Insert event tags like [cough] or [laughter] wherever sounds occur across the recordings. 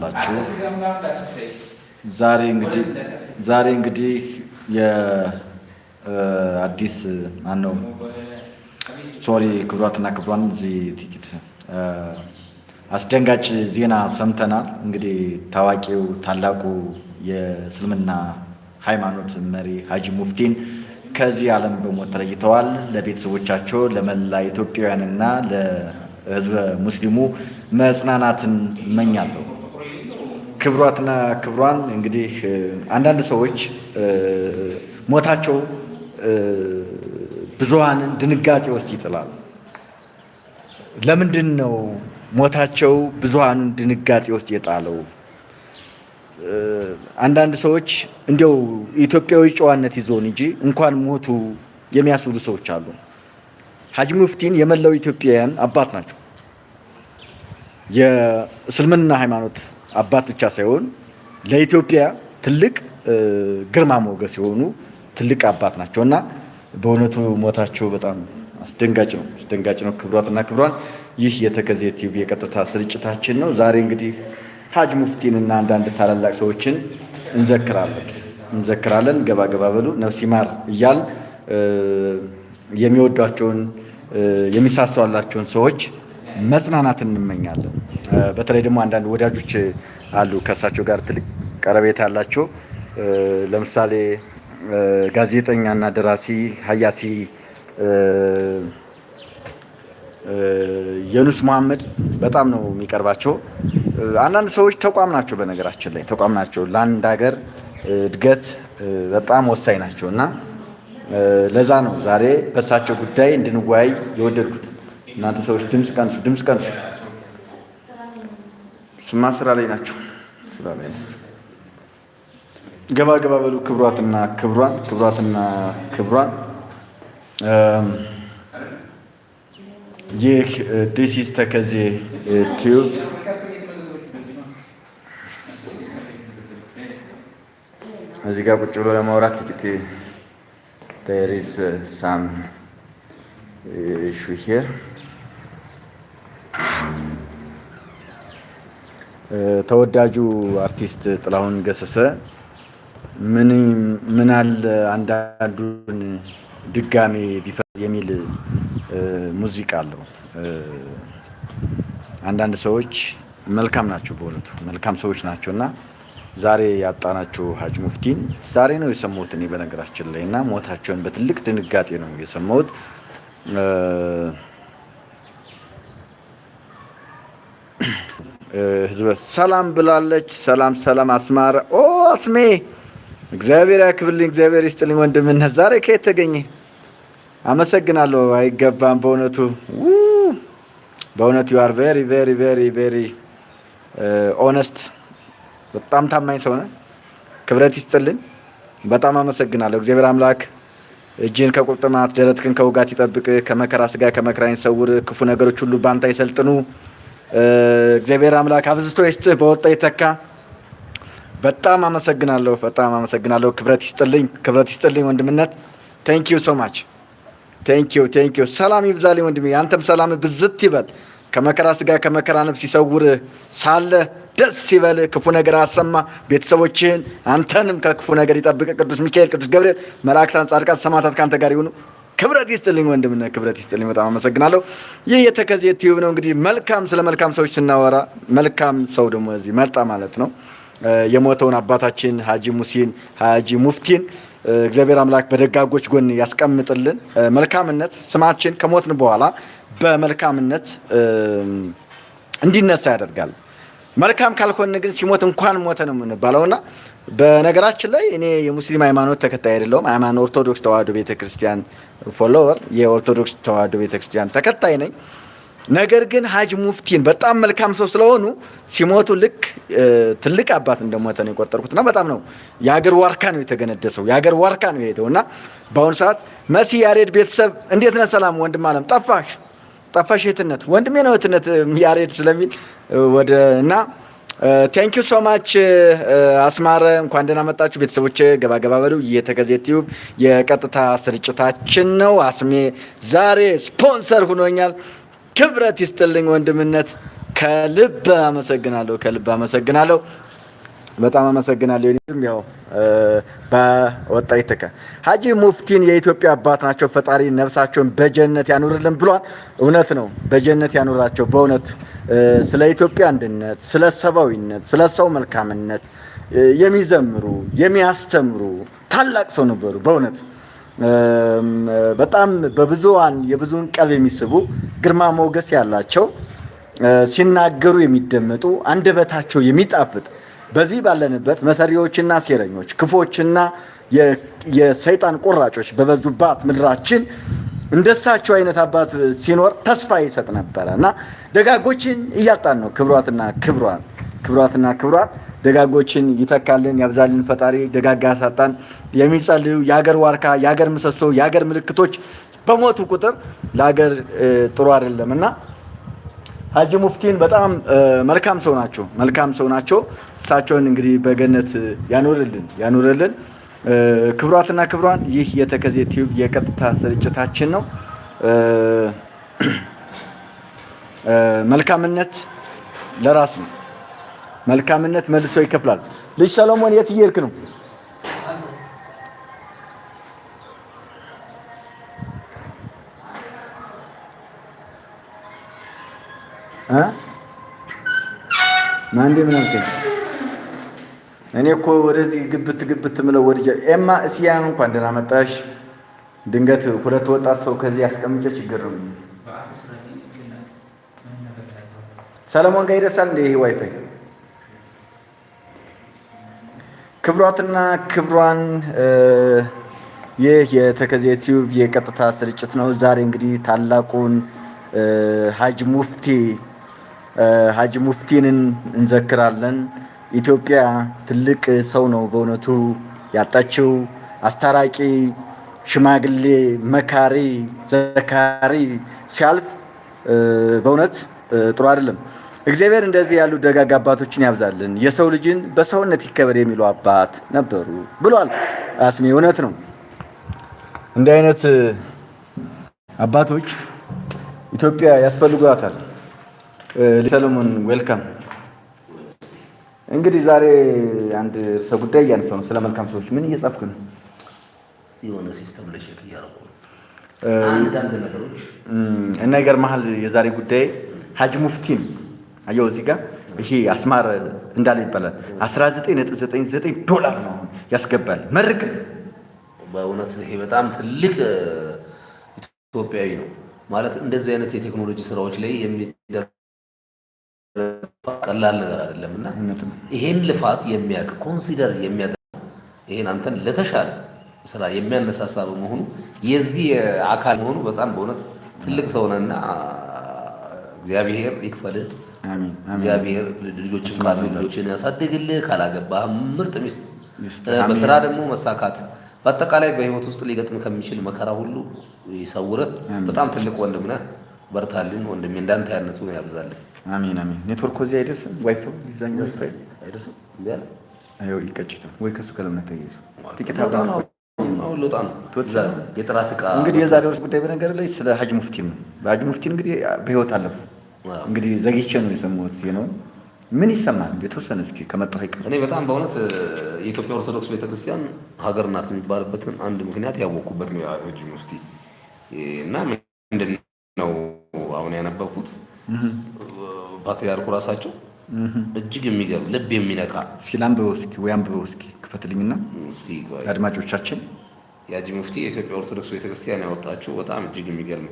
ታውቃላችሁ። ዛሬ እንግዲህ ዛሬ እንግዲህ የአዲስ ማነው ሶሪ ክብሯትና ክብሯን እዚህ ጥቂት አስደንጋጭ ዜና ሰምተናል። እንግዲህ ታዋቂው ታላቁ የእስልምና ሃይማኖት መሪ ሀጂ ሙፍቲን ከዚህ ዓለም በሞት ተለይተዋል። ለቤተሰቦቻቸው ለመላ ኢትዮጵያውያንና ለሕዝበ ሙስሊሙ መጽናናትን እመኛለሁ። ክብሯትና ክብሯን እንግዲህ አንዳንድ ሰዎች ሞታቸው ብዙሃንን ድንጋጤ ውስጥ ይጥላል። ለምንድን ነው ሞታቸው ብዙሃንን ድንጋጤ ውስጥ የጣለው? አንዳንድ ሰዎች እንዲያው ኢትዮጵያዊ ጨዋነት ይዞን እንጂ እንኳን ሞቱ የሚያስብሉ ሰዎች አሉ። ሀጂ ሙፍቲን የመላው ኢትዮጵያውያን አባት ናቸው። የእስልምና ሃይማኖት አባት ብቻ ሳይሆን ለኢትዮጵያ ትልቅ ግርማ ሞገስ የሆኑ ትልቅ አባት ናቸው እና በእውነቱ ሞታቸው በጣም አስደንጋጭ ነው፣ አስደንጋጭ ነው። ክብሯትና ክብሯን ይህ የተከዜ ቲቪ የቀጥታ ስርጭታችን ነው። ዛሬ እንግዲህ ሀጅ ሙፍቲንና አንዳንድ ታላላቅ ሰዎችን እንዘክራለን እንዘክራለን። ገባ ገባ በሉ ነፍስ ይማር እያል የሚወዷቸውን የሚሳሷላቸውን ሰዎች መጽናናት እንመኛለን። በተለይ ደግሞ አንዳንድ ወዳጆች አሉ ከእሳቸው ጋር ትልቅ ቀረቤታ አላቸው። ለምሳሌ ጋዜጠኛና ደራሲ ሀያሲ የኑስ መሐመድ በጣም ነው የሚቀርባቸው። አንዳንድ ሰዎች ተቋም ናቸው፣ በነገራችን ላይ ተቋም ናቸው። ለአንድ ሀገር እድገት በጣም ወሳኝ ናቸው እና ለዛ ነው ዛሬ በእሳቸው ጉዳይ እንድንወያይ የወደድኩት። እናንተ ሰዎች ድምፅ ቀንሱ፣ ድምፅ ቀንሱ። ስማ ስራ ላይ ናቸው። ስራ ላይ ገባ ገባ በሉ። ክብሯትና ክብሯን ክብሯትና ክብሯን ይህ ዲስ ተከዜ ቲዩብ እዚህ ጋር ቁጭ ብሎ ለማውራት ጥቂት ቴሪስ ሳም ሹሄር ተወዳጁ አርቲስት ጥላሁን ገሰሰ ምን ምናል አንዳንዱን ድጋሜ ቢፈ የሚል ሙዚቃ አለው። አንዳንድ ሰዎች መልካም ናቸው፣ በእውነቱ መልካም ሰዎች ናቸው እና ዛሬ ያጣናቸው ሀጅ ሙፍቲን ዛሬ ነው የሰማሁት እኔ በነገራችን ላይ እና ሞታቸውን በትልቅ ድንጋጤ ነው የሰማሁት። ህዝበ ሰላም ብላለች። ሰላም ሰላም አስማረ ኦ አስሜ እግዚአብሔር ያክብልኝ፣ እግዚአብሔር ይስጥልኝ ወንድምነት። ዛሬ ከየት ተገኘ? አመሰግናለሁ። አይገባም በእውነቱ በእውነቱ ዩአር ቬሪ ቬሪ ቬሪ ቬሪ ኦነስት፣ በጣም ታማኝ ሰው ነህ። ክብረት ይስጥልኝ። በጣም አመሰግናለሁ። እግዚአብሔር አምላክ እጅን ከቁርጥማት ደረትክን ከውጋት ይጠብቅ፣ ከመከራ ስጋ ከመከራ ሰውር፣ ክፉ ነገሮች ሁሉ ባንታ ይሰልጥኑ። እግዚአብሔር አምላክ አብዝቶ ይስጥህ፣ በወጣ ይተካ። በጣም አመሰግናለሁ፣ በጣም አመሰግናለሁ። ክብረት ይስጥልኝ፣ ክብረት ይስጥልኝ ወንድምነት። ቴንኪዩ ሶ ማች ቴንኪዩ፣ ቴንኪዩ። ሰላም ይብዛልኝ ወንድሜ፣ አንተም ሰላም ብዝት ይበል። ከመከራ ስጋ ከመከራ ነፍስ ይሰውር ሳለ ደስ ይበል። ክፉ ነገር አሰማ ቤተሰቦችህን፣ አንተንም ከክፉ ነገር ይጠብቅ። ቅዱስ ሚካኤል፣ ቅዱስ ገብርኤል፣ መላእክታን፣ ጻድቃን፣ ሰማዕታት ከአንተ ጋር ይሁኑ። ክብረት ይስጥልኝ ወንድምነ፣ ክብረት ይስጥልኝ። በጣም አመሰግናለሁ። ይህ የተከዜ ቲዩብ ነው። እንግዲህ መልካም ስለ መልካም ሰዎች ስናወራ መልካም ሰው ደግሞ እዚህ መጣ ማለት ነው። የሞተውን አባታችን ሀጂ ሙሲን ሀጂ ሙፍቲን እግዚአብሔር አምላክ በደጋጎች ጎን ያስቀምጥልን። መልካምነት ስማችን ከሞትን በኋላ በመልካምነት እንዲነሳ ያደርጋል። መልካም ካልሆን ግን ሲሞት እንኳን ሞተ ነው የምንባለውና በነገራችን ላይ እኔ የሙስሊም ሃይማኖት ተከታይ አይደለሁም። ሃይማኖ ኦርቶዶክስ ተዋህዶ ቤተክርስቲያን ፎሎወር፣ የኦርቶዶክስ ተዋህዶ ቤተክርስቲያን ተከታይ ነኝ። ነገር ግን ሀጅ ሙፍቲን በጣም መልካም ሰው ስለሆኑ ሲሞቱ ልክ ትልቅ አባት እንደሞተ ነው እና በጣም ነው የሀገር ዋርካ ነው የተገነደሰው፣ የሀገር ዋርካ ነው የሄደው እና በአሁኑ ሰዓት መሲ ያሬድ ቤተሰብ እንዴት ነህ? ሰላም ወንድም አለም ጠፋሽ ጠፋሽ የትነት ወንድሜ ነው እህትነት ያሬድ ስለሚል ወደ እና ቴንክ ዩ ሶ ማች አስማረ፣ እንኳን ደህና መጣችሁ ቤተሰቦች። ገባገባ በሉ የተከዜ ቲዩብ የቀጥታ ስርጭታችን ነው። አስሜ ዛሬ ስፖንሰር ሁኖኛል። ክብረት ይስጥልኝ ወንድምነት፣ ከልብ አመሰግናለሁ፣ ከልብ አመሰግናለሁ። በጣም አመሰግናለሁ። እኔም ያው በወጣ ይተከ ሀጂ ሙፍቲን የኢትዮጵያ አባት ናቸው። ፈጣሪ ነፍሳቸውን በጀነት ያኑርልን ብሏል። እውነት ነው፣ በጀነት ያኑራቸው። በእውነት ስለ ኢትዮጵያ አንድነት፣ ስለ ሰብአዊነት፣ ስለ ሰው መልካምነት የሚዘምሩ የሚያስተምሩ ታላቅ ሰው ነበሩ። በእውነት በጣም በብዙዋን የብዙውን ቀልብ የሚስቡ ግርማ ሞገስ ያላቸው ሲናገሩ የሚደመጡ አንደበታቸው የሚጣፍጥ በዚህ ባለንበት መሰሪዎችና ሴረኞች ክፎችና የሰይጣን ቁራጮች በበዙባት ምድራችን እንደሳቸው አይነት አባት ሲኖር ተስፋ ይሰጥ ነበረ እና ደጋጎችን እያጣን ነው። ክብሯትና ክብሯን ክብሯትና ክብሯን ደጋጎችን ይተካልን ያብዛልን ፈጣሪ። ደጋጋ ያሳጣን የሚጸልዩ የሀገር ዋርካ፣ የሀገር ምሰሶ፣ የሀገር ምልክቶች በሞቱ ቁጥር ለሀገር ጥሩ አይደለም እና ሀጂ ሙፍቲን በጣም መልካም ሰው ናቸው። መልካም ሰው ናቸው። እሳቸውን እንግዲህ በገነት ያኖርልን ያኖርልን። ክብሯትና ክብሯን ይህ የተከዜ ቲዩብ የቀጥታ ስርጭታችን ነው። መልካምነት ለራስ ነው። መልካምነት መልሶ ይከፍላል። ልጅ ሰሎሞን የት እየሄድክ ነው? ማንዴ ምን አልከኝ? እኔ እኮ ወደዚህ ግብት ግብት ምለው ወድጀ ኤማ እስያ እንኳን ደህና መጣሽ። ድንገት ሁለት ወጣት ሰው ከዚህ አስቀምጬ ችግር ነው። ሰለሞን ጋር ይደርሳል እንደ ይሄ ዋይፋይ ክብሯትና ክብሯን ይህ የተከዜ ቲዩብ የቀጥታ ስርጭት ነው። ዛሬ እንግዲህ ታላቁን ሀጅ ሙፍቲ ሀጂ ሙፍቲንን እንዘክራለን። ኢትዮጵያ ትልቅ ሰው ነው በእውነቱ ያጣችው። አስታራቂ፣ ሽማግሌ፣ መካሪ፣ ዘካሪ ሲያልፍ በእውነት ጥሩ አይደለም። እግዚአብሔር እንደዚህ ያሉ ደጋግ አባቶችን ያብዛልን። የሰው ልጅን በሰውነት ይከበር የሚሉ አባት ነበሩ ብሏል አስሚ እውነት ነው። እንዲህ አይነት አባቶች ኢትዮጵያ ያስፈልጓታል። ሰለሞን ዌልካም። እንግዲህ ዛሬ አንድ ርዕሰ ጉዳይ እያነሳሁ ነው፣ ስለ መልካም ሰዎች። ምን እየጻፍክ ነው? የሆነ ሲስተም ለሸክ ሼክ አንዳንድ ነገሮች እና የዛሬ ጉዳይ ሀጅ ሙፍቲ ነው። እዚህ ጋር ይሄ አስማር እንዳለ ይባላል 1999 ዶላር ነው ያስገባል። መርቅ በእውነት ይሄ በጣም ትልቅ ኢትዮጵያዊ ነው ማለት እንደዚህ አይነት የቴክኖሎጂ ስራዎች ላይ የሚደር ቀላል ነገር አይደለም እና ይሄን ልፋት የሚያቅ ኮንሲደር የሚያደርግ ይሄን አንተን ለተሻለ ስራ የሚያነሳሳ በመሆኑ የዚህ አካል መሆኑ በጣም በእውነት ትልቅ ሰው ነህና እግዚአብሔር ይክፈልህ። እግዚአብሔር ልጆች ካሉ ልጆችን ያሳድግልህ። ካላገባህ ምርጥ ሚስት፣ በስራ ደግሞ መሳካት፣ በአጠቃላይ በህይወት ውስጥ ሊገጥም ከሚችል መከራ ሁሉ ይሰውረህ። በጣም ትልቅ ወንድም ነህ። በርታልን ወንድሜ፣ እንዳንተ ያነቱ ያብዛልን። አሜን አሜን። ኔትወርክ እዚህ አይደርስም፣ ዋይፋው ይዛኛው ስታይ አይደርስም። ይቀጭታል ወይ ከሱ ጋር ለምን ተያይዙ ጥቂት እንግዲህ የዛሬ ወርስ ጉዳይ በነገር ላይ ስለ ሀጅ ሙፍቲ ነው። በሀጅ ሙፍቲ እንግዲህ በህይወት አለፉ። እንግዲህ ዘግቼ ነው የሰማሁት ነው። ምን ይሰማል? የተወሰነ እስኪ ከመጣሁ አይቀር እኔ በጣም በእውነት የኢትዮጵያ ኦርቶዶክስ ቤተክርስቲያን ሀገር ናት የሚባልበትን አንድ ምክንያት ያወቅኩበት ነው ሀጂ ሙፍቲ እና ምንድን ነው አሁን ያነበብኩት ፓትሪያርኩ ራሳቸው እጅግ የሚገርም ልብ የሚነካ እስኪ ላንብበው እስኪ ወይ አንብበው እስኪ ክፈትልኝና አድማጮቻችን የሀጂ ሙፍቲ የኢትዮጵያ ኦርቶዶክስ ቤተክርስቲያን ያወጣችው በጣም እጅግ የሚገርም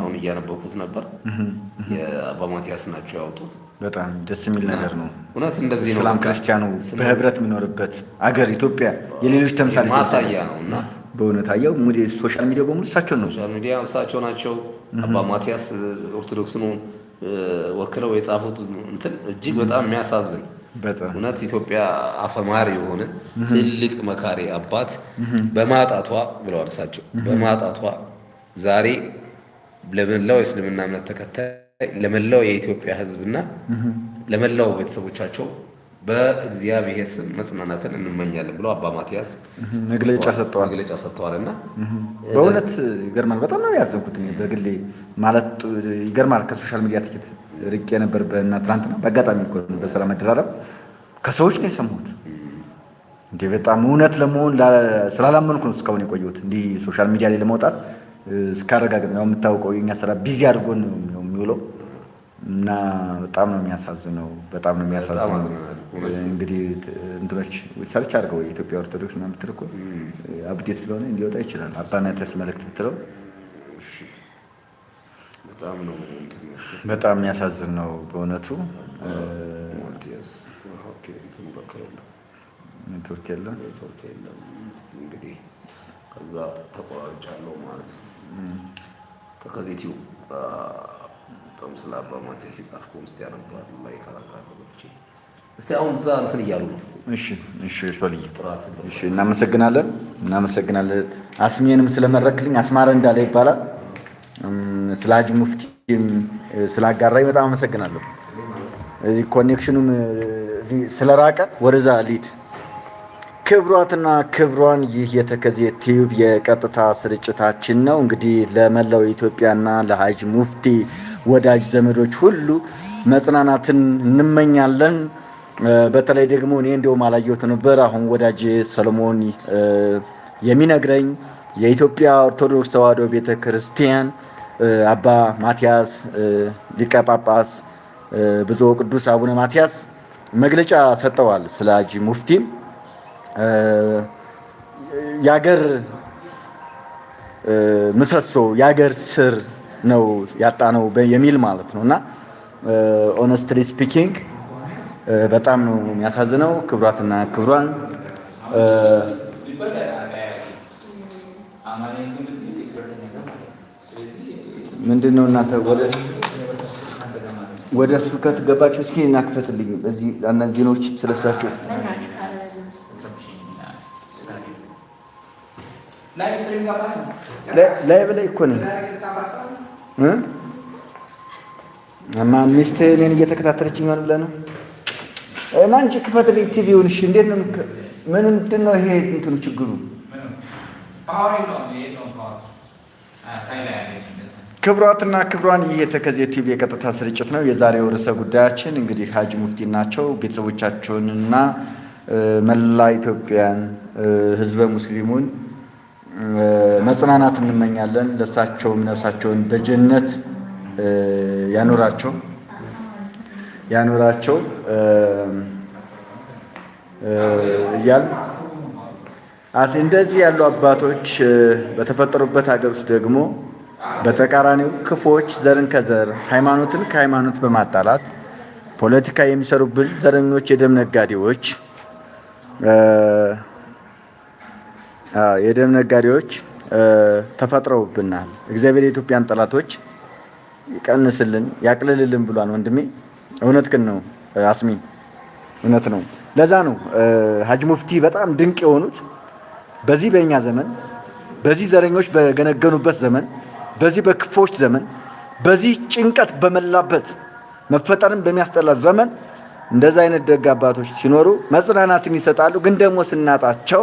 አሁን እያነበኩት ነበር። የአባ ማቲያስ ናቸው ያወጡት። በጣም ደስ የሚል ነገር ነው። እውነት እንደዚህ ነው። ስላም ክርስቲያኑ በህብረት የምኖርበት አገር ኢትዮጵያ የሌሎች ተምሳሌ ማሳያ ነው እና በእውነት አየው ሶሻል ሚዲያ በሙሉ እሳቸው ነው። ሶሻል ሚዲያ እሳቸው ናቸው። አባ ማቲያስ ኦርቶዶክስ ነው ወክለው የጻፉት እንትን እጅግ በጣም የሚያሳዝን እውነት ኢትዮጵያ አፈማሪ የሆነ ትልቅ መካሪ አባት በማጣቷ ብለዋል እሳቸው በማጣቷ ዛሬ ለመላው የእስልምና እምነት ተከታይ ለመላው የኢትዮጵያ ህዝብና ለመላው ቤተሰቦቻቸው በእግዚአብሔር ስም መጽናናትን እንመኛለን ብሎ አባ ማትያስ መግለጫ ሰጥተዋል መግለጫ ሰጥተዋል። እና በእውነት ይገርማል። በጣም ነው ያዘንኩት በግሌ ማለት ይገርማል። ከሶሻል ሚዲያ ትኬት ርቄ ነበር በእና ትናንትና በአጋጣሚ በስራ መደራረብ ከሰዎች ነው የሰማሁት። እንዴ በጣም እውነት ለመሆን ስላላመንኩ ነው እስካሁን የቆየሁት። እንዲህ ሶሻል ሚዲያ ላይ ለመውጣት እስካረጋገጥ ነው የምታውቀው፣ የኛ ስራ ቢዚ አድርጎን ነው የሚውለው እና በጣም ነው የሚያሳዝነው። በጣም ነው የሚያሳዝነው። እንግዲህ እንትኖች ሰርች አድርገው የኢትዮጵያ ኦርቶዶክስ ምናምን ብትል እኮ አብዴት ስለሆነ እንዲወጣ ይችላል። አባናተስ መልእክት ብትለው በጣም የሚያሳዝን ነው በእውነቱ። ኔትወርክ የለም እንግዲህ ከዛ ተቆራርጫለሁ ማለት ነው። ከከዜቲው በጣም ስለ አባ ማቲያስ የጻፍከውን ላይ ይከራካሉ ብቻ እስቲ አሁን እዛ እንትን እያሉ ነው። እሺ እሺ ሶልዬ እሺ፣ እናመሰግናለን እናመሰግናለን። አስሜንም ስለመረክልኝ አስማረ እንዳለ ይባላል። ስለ ሀጅ ሙፍቲም ስላጋራኝ በጣም አመሰግናለሁ። እዚህ ኮኔክሽኑም ስለራቀ ወደዛ ሊድ ክብሯትና ክብሯን ይህ የተከዜ ቲዩብ የቀጥታ ስርጭታችን ነው። እንግዲህ ለመላው ኢትዮጵያና ለሀጅ ሙፍቲ ወዳጅ ዘመዶች ሁሉ መጽናናትን እንመኛለን። በተለይ ደግሞ እኔ እንዲሁም አላየሁት ነበር። አሁን ወዳጅ ሰለሞን የሚነግረኝ የኢትዮጵያ ኦርቶዶክስ ተዋሕዶ ቤተ ክርስቲያን አባ ማትያስ ሊቀ ጳጳስ ብፁዕ ቅዱስ አቡነ ማትያስ መግለጫ ሰጠዋል። ስለ ሐጂ ሙፍቲ የአገር ምሰሶ የአገር ስር ነው ያጣ ነው የሚል ማለት ነው እና ኦነስትሊ ስፒኪንግ በጣም ነው የሚያሳዝነው። ክብሯትና ክብሯን ምንድን ነው እናንተ ወደ ስብከት ገባችሁ? እስኪ እናክፈትልኝ በዚህ አንዳንድ ዜናዎች ስለሳችሁ ላይ በላይ እኮ ነኝ። ሚስት እኔን እየተከታተለችኛል ብለህ ነው እና እንጂ ክፈት ላይ ቲቪውን። እሺ እንዴት ነው ምንድን ነው ይሄ እንትኑ ችግሩ? ክብሯትና ክብሯን ይህ የተከዜ ቲቪ የቀጥታ ስርጭት ነው። የዛሬው ርዕሰ ጉዳያችን እንግዲህ ሀጅ ሙፍቲ ናቸው። ቤተሰቦቻቸውንና መላ ኢትዮጵያን ህዝበ ሙስሊሙን መጽናናት እንመኛለን። ለሳቸውም ነፍሳቸውን በጀነት ያኖራቸው። ያኖራቸው እያል እንደዚህ ያሉ አባቶች በተፈጠሩበት ሀገር ውስጥ ደግሞ በተቃራኒው ክፎች ዘርን ከዘር ሃይማኖትን ከሃይማኖት በማጣላት ፖለቲካ የሚሰሩብን ዘረኞች የደም ነጋዴዎች የደም ነጋዴዎች ተፈጥረውብናል። እግዚአብሔር የኢትዮጵያን ጠላቶች ይቀንስልን ያቅልልልን ብሏል ወንድሜ። እውነት ግን ነው አስሚ፣ እውነት ነው። ለዛ ነው ሀጅ ሙፍቲ በጣም ድንቅ የሆኑት በዚህ በእኛ ዘመን በዚህ ዘረኞች በገነገኑበት ዘመን በዚህ በክፎች ዘመን በዚህ ጭንቀት በመላበት መፈጠርን በሚያስጠላ ዘመን እንደዛ አይነት ደግ አባቶች ሲኖሩ መጽናናትን ይሰጣሉ። ግን ደግሞ ስናጣቸው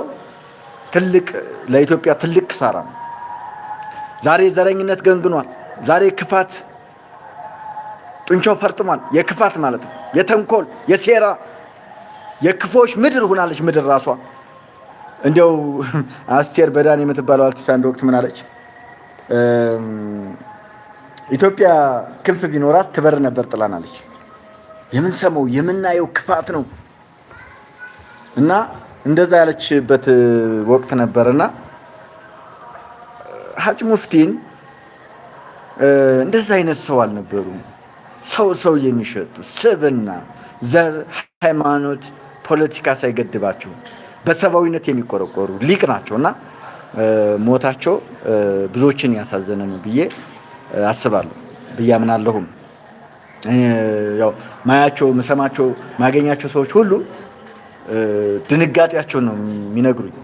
ትልቅ ለኢትዮጵያ ትልቅ ክሳራ ነው። ዛሬ ዘረኝነት ገንግኗል። ዛሬ ክፋት ጡንቻው ፈርጥሟል። የክፋት ማለት ነው። የተንኮል የሴራ የክፎች ምድር ሆናለች ምድር ራሷ። እንዲያው አስቴር በዳን የምትባለው አርቲስት አንድ ወቅት ምን አለች? ኢትዮጵያ ክንፍ ቢኖራት ትበር ነበር ጥላናለች። የምንሰማው የምናየው ክፋት ነው እና እንደዛ ያለችበት ወቅት ነበር እና ሀጅ ሙፍቲን እንደዛ አይነት ሰው አልነበሩም። ሰው ሰው የሚሸጡ ስብና፣ ዘር፣ ሃይማኖት፣ ፖለቲካ ሳይገድባቸው በሰብአዊነት የሚቆረቆሩ ሊቅ ናቸው እና ሞታቸው ብዙዎችን ያሳዘነ ነው ብዬ አስባለሁ ብያምናለሁም ያው ማያቸው፣ ምሰማቸው፣ ማገኛቸው ሰዎች ሁሉ ድንጋጤያቸው ነው የሚነግሩኝ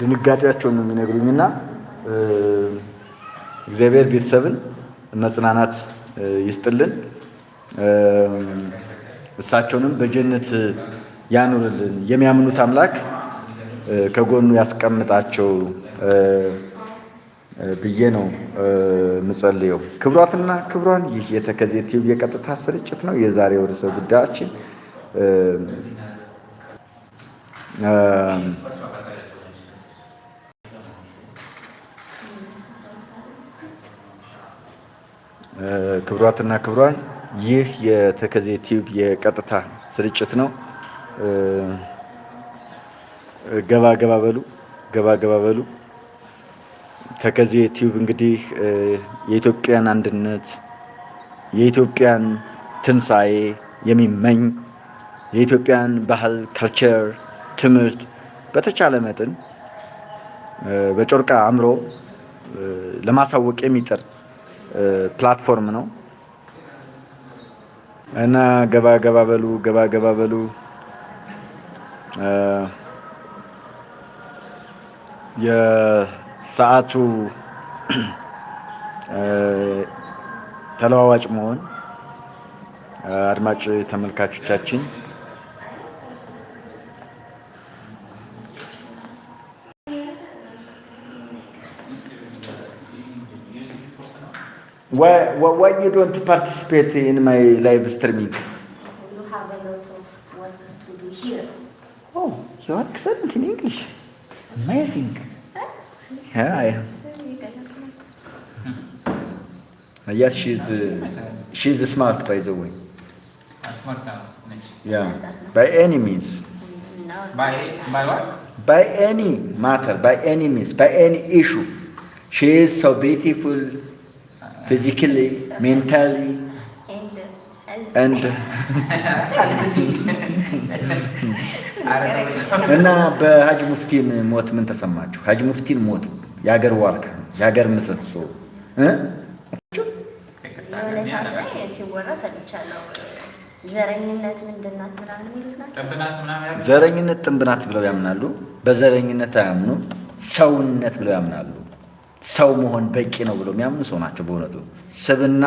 ድንጋጤያቸው ነው እና እግዚአብሔር ቤተሰብን መጽናናት ይስጥልን፣ እሳቸውንም በጀነት ያኑርልን። የሚያምኑት አምላክ ከጎኑ ያስቀምጣቸው ብዬ ነው ምጸልየው። ክብሯትና ክብሯን ይህ የተከዜ ቲዩብ የቀጥታ ስርጭት ነው። የዛሬው ርዕሰ ጉዳያችን ክብሯትና ክብሯን ይህ የተከዜ ቲዩብ የቀጥታ ስርጭት ነው። ገባ ገባ በሉ ገባ ገባ በሉ። ተከዜ ቲዩብ እንግዲህ የኢትዮጵያን አንድነት የኢትዮጵያን ትንሣኤ የሚመኝ የኢትዮጵያን ባህል፣ ካልቸር፣ ትምህርት በተቻለ መጠን በጮርቃ አምሮ ለማሳወቅ የሚጠር ፕላትፎርም ነው እና ገባ ገባ በሉ ገባ ገባ በሉ የሰዓቱ ተለዋዋጭ መሆን አድማጭ ተመልካቾቻችን Why, why, why you don't participate in my live streaming? You have a lot of work to do here. Oh, you are excellent in English. Amazing. Yeah, I am. [laughs] Yes, she's uh, she's smart, by the way. Ah, smart ah, Yeah, by any means. By by what? By any matter, by any means, by any issue. She is so beautiful. ፊዚካሊ ሜንታሊ እና በሀጅ ሙፍቲን ሞት ምን ተሰማችሁ? ሀጅ ሙፍቲን ሞት የሀገር ዋርካ የሀገር ምሰሶ ዘረኝነት ጥንብናት ብለው ያምናሉ። በዘረኝነት አያምኑ ሰውነት ብለው ያምናሉ። ሰው መሆን በቂ ነው ብሎ የሚያምኑ ሰው ናቸው። በእውነቱ ስብና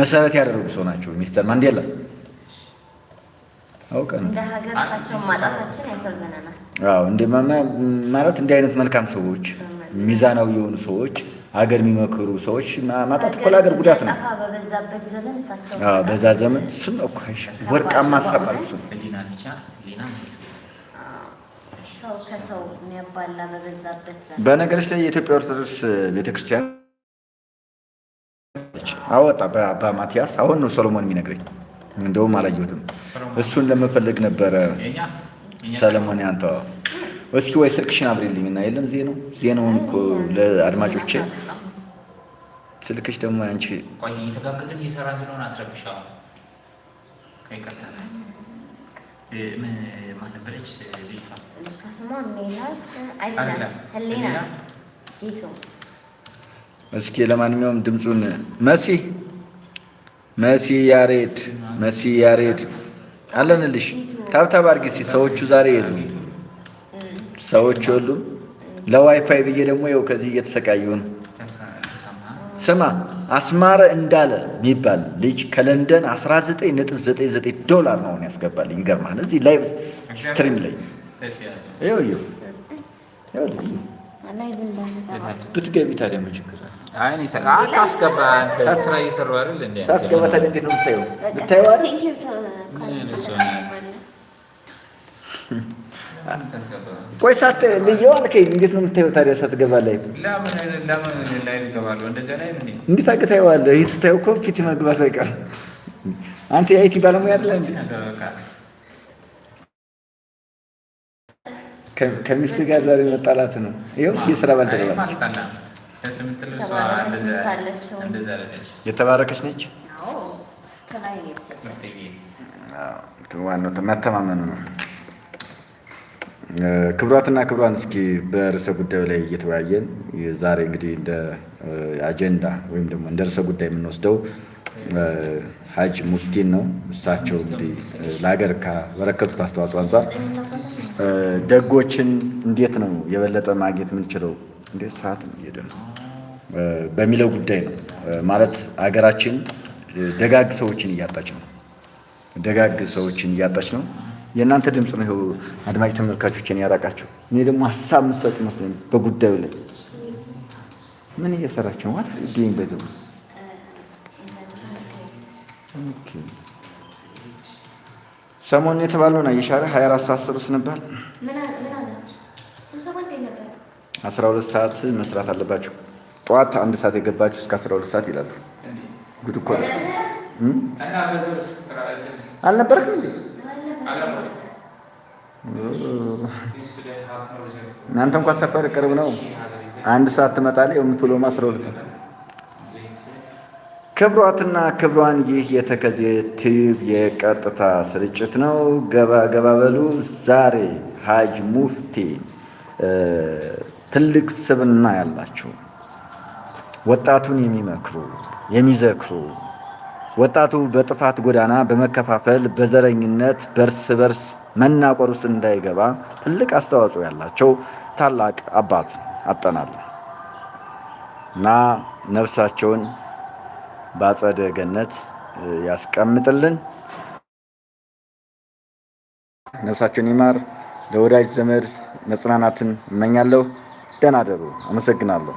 መሰረት ያደረጉ ሰው ናቸው። ሚስተር ማንዴላ አውቀን ማለት እንዲህ አይነት መልካም ሰዎች፣ ሚዛናዊ የሆኑ ሰዎች፣ ሀገር የሚመክሩ ሰዎች ማጣት እኮ ለሀገር ጉዳት ነው። በዛ ዘመን ስም ወርቃማ ሰባል ሰው ከሰው የሚያባላ በበዛበት ዘመን በነገሮች ላይ የኢትዮጵያ ኦርቶዶክስ ቤተክርስቲያን አወጣ በአባ ማቲያስ። አሁን ነው ሶሎሞን የሚነግረኝ፣ እንደውም አላየሁትም። እሱን ለመፈለግ ነበረ ሰለሞን ያንተ እስኪ ወይ ስልክሽን አብሬልኝ እና የለም ዜናው ዜናውን እኮ ለአድማጮቼ ስልክሽ ደግሞ አንቺ ቆይ እየተጋገዝን እየሰራን ስለሆነ አትረብሻው። ማን ነበረች ልጅቷ? ልጅቷ ስሟ ሜላት አይደለም፣ ህሊና ጌቱ። እስኪ ለማንኛውም ድምፁን መሲ መሲ ያሬድ መሲ ያሬድ አለንልሽ። ታብታብ አድርጊ እስኪ። ሰዎቹ ዛሬ የሉም፣ ሰዎቹ የሉም። ለዋይፋይ ብዬ ደግሞ ይኸው ከዚህ እየተሰቃየሁ ነው። ስማ አስማረ እንዳለ የሚባል ልጅ ከለንደን 1999 ዶላር ነው ያስገባልኝ። ይገርማል። እዚህ ላይቭ ስትሪም ላይ ብትገቢ ታዲያ ምን ችግር አለ? ቆይ ሳት ልየው አልከኝ። እንዴት ነው የምታየው ታዲያ? ገባ ላይ እንዴት አድርገህ ታየዋለህ? ይህ ስታየው እኮ ፊት መግባት አይቀርም። አንተ የአይቲ ባለሙያ አለ ከሚስት ጋር ዛሬ መጣላት ነው። ይኸው የስራ ባልደረባ የተባረከች ነች። ዋናው መተማመኑ ነው። ክብራትና ክብራን እስኪ በርዕሰ ጉዳዩ ላይ እየተወያየን ዛሬ እንግዲህ እንደ አጀንዳ ወይም ደግሞ እንደ ርዕሰ ጉዳይ የምንወስደው ሀጅ ሙፍቲን ነው። እሳቸው እንግዲህ ለሀገር ካበረከቱት አስተዋጽኦ አንጻር ደጎችን እንዴት ነው የበለጠ ማግኘት የምንችለው እንዴት ሰዓት እየሄደ ነው በሚለው ጉዳይ ነው። ማለት ሀገራችን ደጋግ ሰዎችን እያጣች ነው። ደጋግ ሰዎችን እያጣች ነው። የእናንተ ድምፅ ነው ይኸው አድማጭ ተመልካቾችን ያራቃቸው። እኔ ደግሞ ሀሳብ የምትሰጡ መስሎኝ በጉዳዩ ላይ ምን እየሰራቸው ነው? ዋት ዲንግ በደ ሰሞኑን የተባለውን አየሻለ ሀያ አራት ሰዓት ስሩስ ነበር። አስራ ሁለት ሰዓት መስራት አለባቸው። ጠዋት አንድ ሰዓት የገባችሁ እስከ አስራ ሁለት ሰዓት ይላሉ። ጉድ እኮ አልነበርክም እንዴ? እናንተ እንኳን ሰፈር ቅርብ ነው። አንድ ሰዓት ትመጣለህ። የምትውለው አስራ ሁለት ነው። ክብሯትና ክብሯን ይህ የተከዜ ቲዩብ የቀጥታ ስርጭት ነው። ገባ ገባበሉ ዛሬ ሀጅ ሙፍቲ ትልቅ ስብና ያላቸው ወጣቱን የሚመክሩ የሚዘክሩ ወጣቱ በጥፋት ጎዳና በመከፋፈል በዘረኝነት በርስ በርስ መናቆር ውስጥ እንዳይገባ ትልቅ አስተዋጽኦ ያላቸው ታላቅ አባት አጠናል እና ነፍሳቸውን በአጸደ ገነት ያስቀምጥልን። ነፍሳቸውን ይማር። ለወዳጅ ዘመድ መጽናናትን እመኛለሁ። ደህና አመሰግናለሁ።